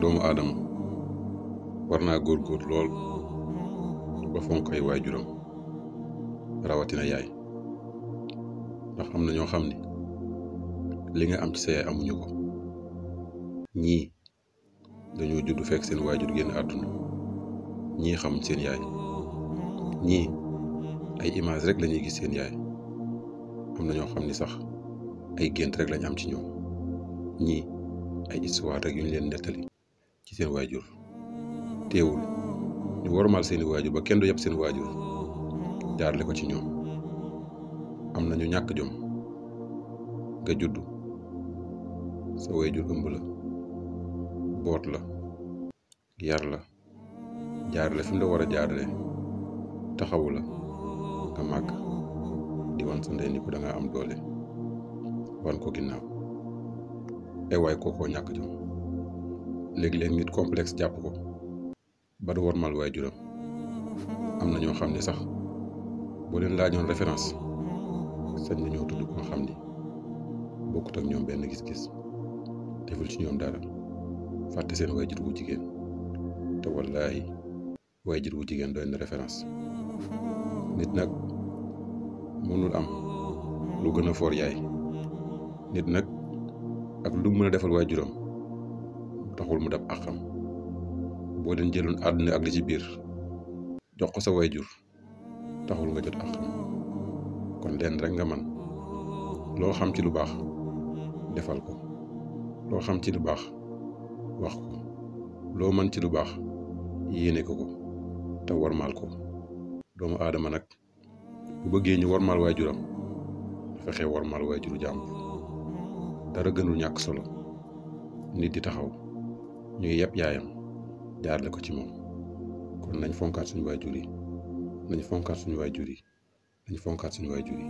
doomu aadama war naa góor góorgóor lool ba fonk ay waajuram rawatina yaay ndax am na ñoo xam ni li nga am ci sa yaay amuñu ko ñii dañoo juddu fekk seen waajur génn àdduna ñii xam seen yaay ñii ay image rek lañuy gis seen yaay am na ñoo xam ni sax ay gént rek lañ am ci ñoom ñii ay histoire rek yu ñu leen nettali ci seen waajur teewul ñu warmal seeni waajur ba kenn du yab seen waajur jaarle ko ci ñoom am na ñu ñàkk jom nga judd sa waajur ëmb la boot la yar la jaarle fi mu la war a jaarle taxawu la nga màgg di wan sa ndey ni am doole wan ko ginnaaw ay waay kookoo ñàkk jom léegi léeg nit complexe jàpp ko ba du wormal waajuram am na ñoo xam ne sax boo leen laajoon référence sañ na ñoo tudd ko xam ni bokkut ak ñoom benn gis-gis deful ci ñoom dara fàtte seen waajur wu jigéen te wallaahi waajur wu jigéen doy na référence nit nag mënul am lu gën a foor yaay nit nag ak lu mën a defal juróom taxul mu dab akam bo den jëlun aduna ak li ci bir jox ko sa wayjur taxul nga jot akam kon den rek nga man lo xam ci lu bax defal ko lo xam ci lu bax wax ko lo man ci lu bax yene ko ko ta warmal ko doomu adama nak bu bëggee ñu warmal wayjuram fexé warmal wayjuru jamm dara gënul ñak solo nit di taxaw ñu ngi yëpp yaayam jaarle ko ci moom kon nañ fonkaat suñu waajur juri nañ fonkaat suñu waajur yi nañ fonkaat suñu waajur yi